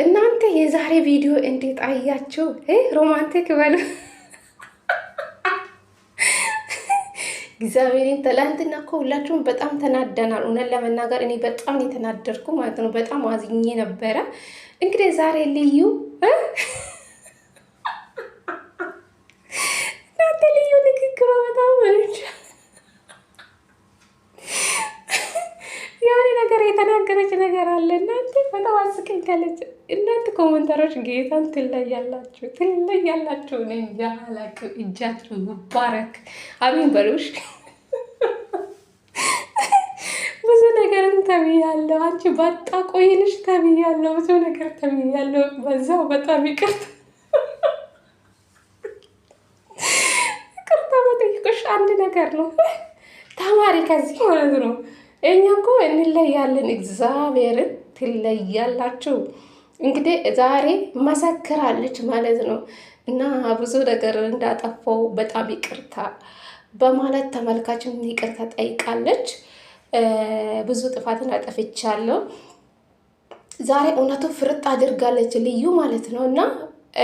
እናንተ የዛሬ ቪዲዮ እንዴት አያችሁ? ሮማንቲክ በሉ። እግዚአብሔርን ትላንትና እኮ ሁላችሁም በጣም ተናደናል። እውነት ለመናገር እኔ በጣም የተናደርኩ ማለት ነው። በጣም አዝኜ ነበረ። እንግዲህ ዛሬ ልዩ ትልካለች። እናንተ ኮመንታሮች ጌታን ትለያላችሁ ትለያላችሁ። እኔ እንጃ አላችሁ። እጃችሁ ይባረክ። አሜን በሉሽ። ብዙ ነገርን ተብያለሁ። አንቺ ባጣ ቆይንሽ ተብያለሁ። ብዙ ነገር ተብያለሁ። በዛው በጣም ይቅርታ ይቅርታ መጠየቅሽ አንድ ነገር ነው። ተማሪ ከዚህ ማለት ነው። እኛ እኮ እንለያለን እግዚአብሔርን ትለያላችሁ። እንግዲህ ዛሬ መሰክራለች ማለት ነው እና ብዙ ነገር እንዳጠፋው በጣም ይቅርታ በማለት ተመልካችን ይቅርታ ጠይቃለች። ብዙ ጥፋትን አጠፍቻለሁ። ዛሬ እውነቱ ፍርጥ አድርጋለች ልዩ ማለት ነው እና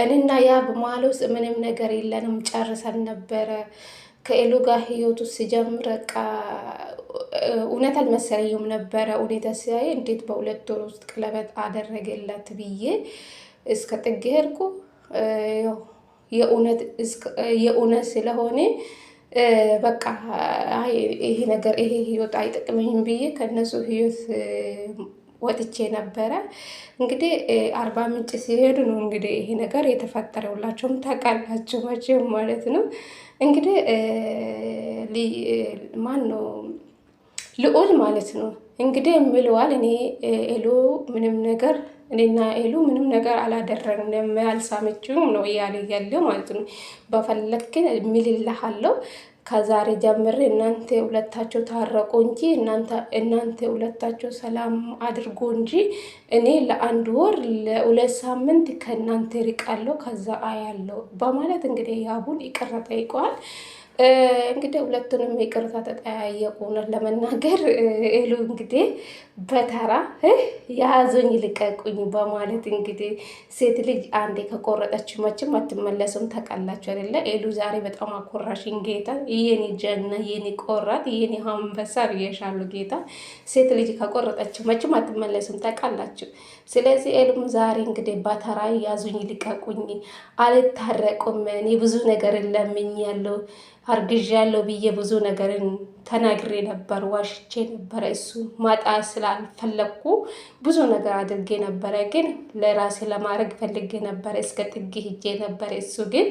እኔና ያ በመሀል ውስጥ ምንም ነገር የለንም ጨርሰን ነበረ ከኤሉ ጋር ህይወቱ ሲጀምር እውነት አልመሰለኝም ነበረ። ሁኔታ ሲያይ እንዴት በሁለት ወር ውስጥ ቀለበት አደረገላት ብዬ እስከ ጥግ ሄድኩ። የእውነት ስለሆነ በቃ ይሄ ነገር ይሄ ህይወት አይጠቅመኝም ብዬ ከነሱ ህይወት ወጥቼ ነበረ። እንግዲህ አርባ ምንጭ ሲሄዱ ነው እንግዲህ ይሄ ነገር የተፈጠረውላቸውም ሁላችሁም ታውቃላችሁ መቼም ማለት ነው። እንግዲህ ማን ነው ልዑል ማለት ነው። እንግዲህ ምልዋል እኔ ኤሉ ምንም ነገር እኔና ኤሉ ምንም ነገር አላደረግንም አልሳመችውም ነው እያለ ያለው ማለት ነው። በፈለግን ምልልሃለው ከዛሬ ጀምር እናንተ ሁለታቸው ታረቁ እንጂ እናንተ ሁለታቸው ሰላም አድርጎ እንጂ እኔ ለአንድ ወር ለሁለት ሳምንት ከእናንተ ርቃለሁ ከዛ አያለው በማለት እንግዲህ ያቡን ይቅር ጠይቀዋል። እንግዲህ ሁለቱንም ይቅርታ ተጠያየቁ። እውነት ለመናገር ሄሉ እንግዲህ በተራ ያዞኝ ልቀቁኝ በማለት እንግዲህ ሴት ልጅ አንዴ ከቆረጠች መችም አትመለሱም። ታውቃላችሁ አይደለ? ሄሉ ዛሬ በጣም አኮራሽኝ ጌታ፣ የኔ ጀግና፣ የኔ ቆራት፣ የኔ አንበሳ ብዬሻለሁ ጌታ። ሴት ልጅ ከቆረጠች መችም አትመለሱም። ታውቃላችሁ። ስለዚህ ሄሉም ዛሬ እንግዲህ በተራ ያዞኝ ልቀቁኝ፣ አልታረቁም፣ እኔ ብዙ ነገር ለምኝ ያለው አርግዣለሁ ብዬ ብዙ ነገርን ተናግሬ ነበር፣ ዋሽቼ ነበረ። እሱ ማጣ ስላልፈለግኩ ብዙ ነገር አድርጌ ነበረ፣ ግን ለራሴ ለማድረግ ፈልጌ ነበረ። እስከ ጥግ ሂጄ ነበረ። እሱ ግን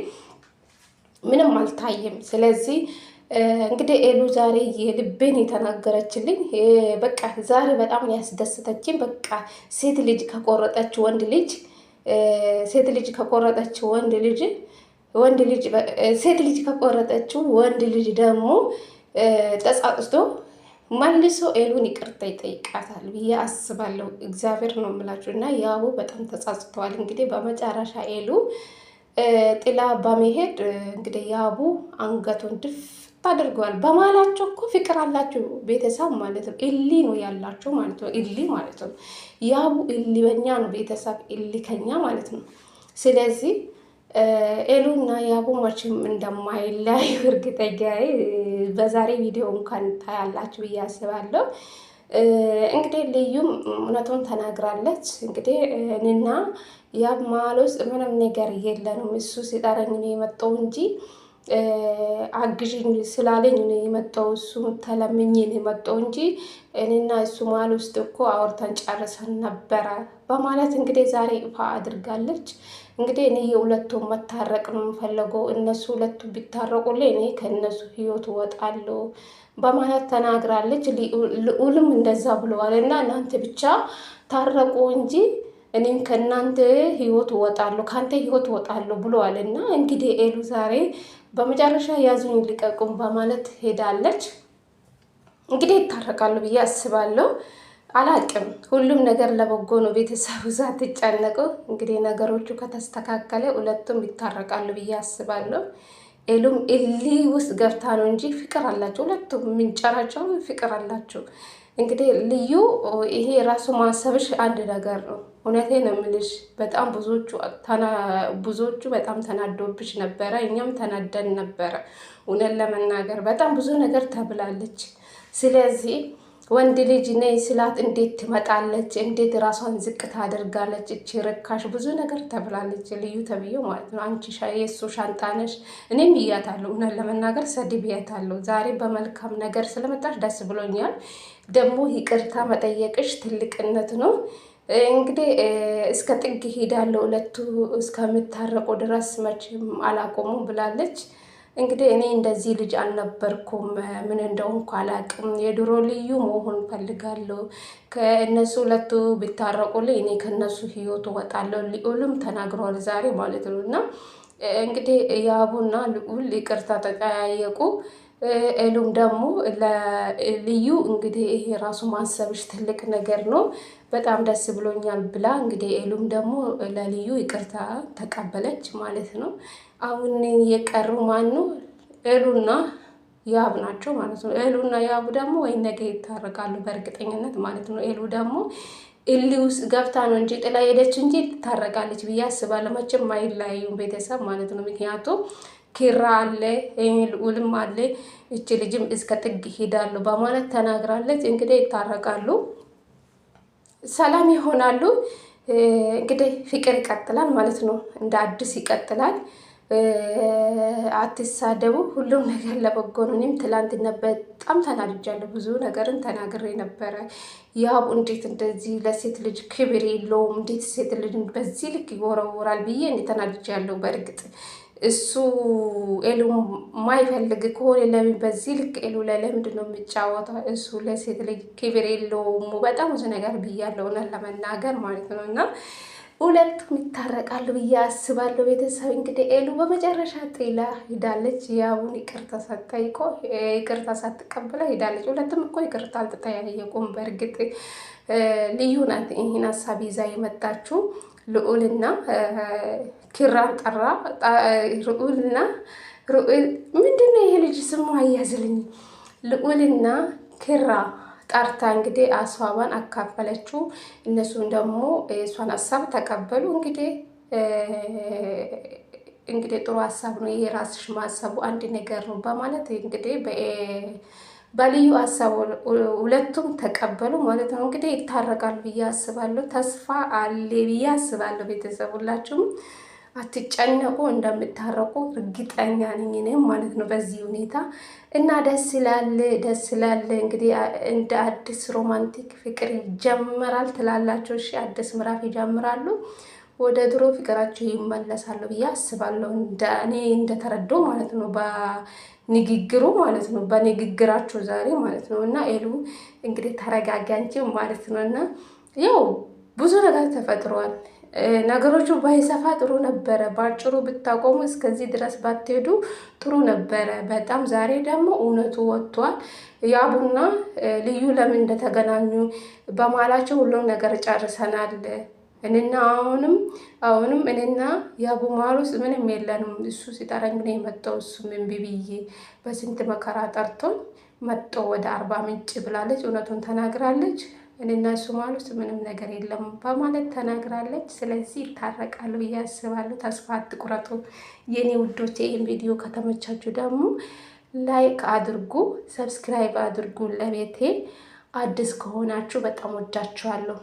ምንም አልታየም። ስለዚህ እንግዲህ ኤሉ ዛሬ የልቤን የተናገረችልኝ በቃ ዛሬ በጣም ያስደሰተችን በቃ ሴት ልጅ ከቆረጠች ወንድ ልጅ ሴት ልጅ ከቆረጠች ወንድ ልጅ ወንድ ልጅ ሴት ልጅ ከቆረጠችው ወንድ ልጅ ደግሞ ተጻጽቶ መልሶ ኤሉን ይቅርታ ይጠይቃታል ብዬ አስባለሁ። እግዚአብሔር ነው የምላችሁ። እና ያቡ በጣም ተጻጽተዋል። እንግዲህ በመጨረሻ ኤሉ ጥላ በመሄድ እንግዲህ ያቡ አንገቱን ድፍ ታደርገዋል። በማላቸው እኮ ፍቅር አላቸው ቤተሰብ ማለት ነው። እሊ ነው ያላቸው ማለት ነው። እሊ ማለት ነው። ያቡ እሊ በኛ ነው ቤተሰብ እሊ ከኛ ማለት ነው። ስለዚህ ኤሉና እና ያቡ መቼም እንደማይለያዩ እርግጠኛ በዛሬ ቪዲዮ እንኳን ታያላችሁ ብዬ አስባለሁ። እንግዲህ ልዩም እውነቱን ተናግራለች። እንግዲህ እኔና ያብ መሀል ውስጥ ምንም ነገር የለንም፣ እሱ ሲጠረኝ ነው የመጣው እንጂ አግዥኝ ስላለኝ ነው የመጣው። እሱ ተለምኜ ነው የመጣው እንጂ እኔና እሱ መሀል ውስጥ እኮ አውርተን ጨርሰን ነበረ በማለት እንግዲህ ዛሬ ይፋ አድርጋለች። እንግዲህ እኔ የሁለቱን መታረቅ ነው የምፈለገው። እነሱ ሁለቱ ቢታረቁልኝ እኔ ከእነሱ ህይወት እወጣለሁ በማለት ተናግራለች። ልዑልም እንደዛ ብለዋል እና እናንተ ብቻ ታረቁ እንጂ እኔም ከእናንተ ህይወት እወጣለሁ ከአንተ ህይወት እወጣለሁ ብለዋል። እና እንግዲህ ኤሉ ዛሬ በመጨረሻ ያዙኝ ልቀቁም በማለት ሄዳለች። እንግዲህ ይታረቃሉ ብዬ አስባለሁ። አላቅም ሁሉም ነገር ለበጎ ነው። ቤተሰቡ ሳትጨነቁ እንግዲህ ነገሮቹ ከተስተካከለ ሁለቱም ይታረቃሉ ብዬ አስባለሁ። ኤሉም እልህ ውስጥ ገብታ ነው እንጂ ፍቅር አላቸው። ሁለቱም ምንጨራቸው ፍቅር አላቸው። እንግዲህ ልዩ ይሄ ራሱ ማሰብሽ አንድ ነገር ነው። እውነቴ ነው የምልሽ። በጣም ብዙዎቹ ብዙዎቹ በጣም ተናዶብሽ ነበረ፣ እኛም ተናደን ነበረ። እውነት ለመናገር በጣም ብዙ ነገር ተብላለች። ስለዚህ ወንድ ልጅ ነይ ስላት እንዴት ትመጣለች? እንዴት ራሷን ዝቅ ታደርጋለች? እቺ ርካሽ ብዙ ነገር ተብላለች። ልዩ ተብዬው ማለት ነው። አንቺ የእሱ ሻንጣ ነሽ። እኔም ብያታለሁ፣ እውነት ለመናገር ብያታለሁ። ዛሬ በመልካም ነገር ስለመጣሽ ደስ ብሎኛል። ደግሞ ይቅርታ መጠየቅሽ ትልቅነት ነው። እንግዲህ እስከ ጥግ ሄዳለሁ፣ ሁለቱ እስከምታረቁ ድረስ መቼም አላቆሙ ብላለች። እንግዲህ እኔ እንደዚህ ልጅ አልነበርኩም። ምን እንደሆንኩ አላውቅም። የድሮ ልዩ መሆን ፈልጋለሁ። ከእነሱ ሁለቱ ቢታረቁልኝ እኔ ከእነሱ ህይወት ወጣለሁ። ልዑልም ተናግረዋል ዛሬ ማለት ነው እና እንግዲህ ያቡና ልዑል ይቅርታ ተቀያየቁ። ኤሉም ደግሞ ለልዩ እንግዲህ ይሄ ራሱ ማሰብሽ ትልቅ ነገር ነው፣ በጣም ደስ ብሎኛል ብላ እንግዲህ ኤሉም ደግሞ ለልዩ ይቅርታ ተቀበለች ማለት ነው። አሁን የቀሩ ማኑ ኤሉና ያብ ናቸው ማለት ነው። ኤሉና ያብ ደግሞ ወይ ነገ ይታረቃሉ በእርግጠኝነት ማለት ነው። ኤሉ ደግሞ እሊ ውስጥ ገብታ ነው እንጂ ጥላ ሄደች እንጂ ትታረቃለች ብዬ አስባለሁ። መቼም አይለያዩም ቤተሰብ ማለት ነው ምክንያቱም ኪራ አለ ልዑልም አለ እች ልጅም እስከ ጥግ ይሄዳሉ በማለት ተናግራለች። እንግዲህ ይታረቃሉ፣ ሰላም ይሆናሉ። እንግዲህ ፍቅር ይቀጥላል ማለት ነው፣ እንደ አዲስ ይቀጥላል። አትሳደቡ፣ ሁሉም ነገር ለበጎ ነው። እኔም ትላንትና በጣም ተናድጃለሁ፣ ብዙ ነገርን ተናግሬ ነበረ። ያቡ እንዴት እንደዚህ ለሴት ልጅ ክብር የለውም፣ እንዴት ሴት ልጅ በዚህ ልክ ይወረውራል ብዬ እኔ ተናድጃለሁ በእርግጥ እሱ ኤሉ ማይፈልግ ከሆነ ለምን በዚህ ልክ ኤሉ ላይ ለምንድን ነው የምጫወታ? እሱ ለሴት ልጅ ክብር የለውም። በጣም ብዙ ነገር ብያለሁ እውነት ለመናገር ማለት ነው እና ሁለቱም ይታረቃሉ ብዬ አስባለሁ። ቤተሰብ እንግዲህ ኤሉ በመጨረሻ ጥላ ሂዳለች። ያቡን ይቅርታ ሳትጠይቆ ይቅርታ ሳትቀብለ ሂዳለች። ሁለቱም እኮ ይቅርታ አልተጠያየቁም። በእርግጥ ልዩ ናት ይህን ሀሳብ ይዛ የመጣችው ልዑልና ኪራን ጠራ ርዑልና ርዑል ምንድን ነው ይሄ ልጅ ስሙ አያዝልኝ ልዑልና ኪራ ጠርታ እንግዲህ አስዋባን አካፈለችው። እነሱን ደግሞ የእሷን ሀሳብ ተቀበሉ። እንግዲህ እንግዲህ ጥሩ ሀሳብ ነው ይሄ ራስሽ ማሰቡ አንድ ነገር ነው በማለት እንግዲህ በልዩ ሀሳብ ሁለቱም ተቀበሉ ማለት ነው። እንግዲህ ይታረቃሉ ብዬ አስባለሁ። ተስፋ አለ ብዬ አስባለሁ። ቤተሰብ አትጨነቁ፣ እንደምታረቁ እርግጠኛ ነኝ እኔም ማለት ነው በዚህ ሁኔታ እና ደስ ይላል፣ ደስ ይላል። እንግዲህ እንደ አዲስ ሮማንቲክ ፍቅር ይጀምራል ትላላቸው። እሺ አዲስ ምዕራፍ ይጀምራሉ። ወደ ድሮ ፍቅራቸው ይመለሳሉ ብዬ አስባለሁ። እኔ እንደተረዳው ማለት ነው በንግግሩ ማለት ነው በንግግራቸው ዛሬ ማለት ነው እና ኤሉ እንግዲህ ተረጋጋንቸው ማለት ነው እና ያው ብዙ ነገር ተፈጥሯል። ነገሮቹ ባይሰፋ ጥሩ ነበረ። በአጭሩ ብታቆሙ እስከዚህ ድረስ ባትሄዱ ጥሩ ነበረ። በጣም ዛሬ ደግሞ እውነቱ ወጥቷል። ያቡና ልዩ ለምን እንደተገናኙ በማላቸው ሁሉም ነገር ጨርሰናል። እኔና አሁንም አሁንም እኔና የአቡማር ውስጥ ምንም የለንም። እሱ ሲጠረኝ ነው የመጣው። እሱ እምቢ በስንት መከራ ጠርቶኝ መጦ ወደ አርባ ምንጭ ብላለች። እውነቱን ተናግራለች። እኔና እሱ ውስጥ ምንም ነገር የለም በማለት ተናግራለች። ስለዚህ ይታረቃሉ ብዬ አስባለሁ። ተስፋ አትቁረጡ የኔ ውዶች። ይህን ቪዲዮ ከተመቻችሁ ደግሞ ላይክ አድርጉ፣ ሰብስክራይብ አድርጉ። ለቤቴ አዲስ ከሆናችሁ በጣም ወዳችኋለሁ።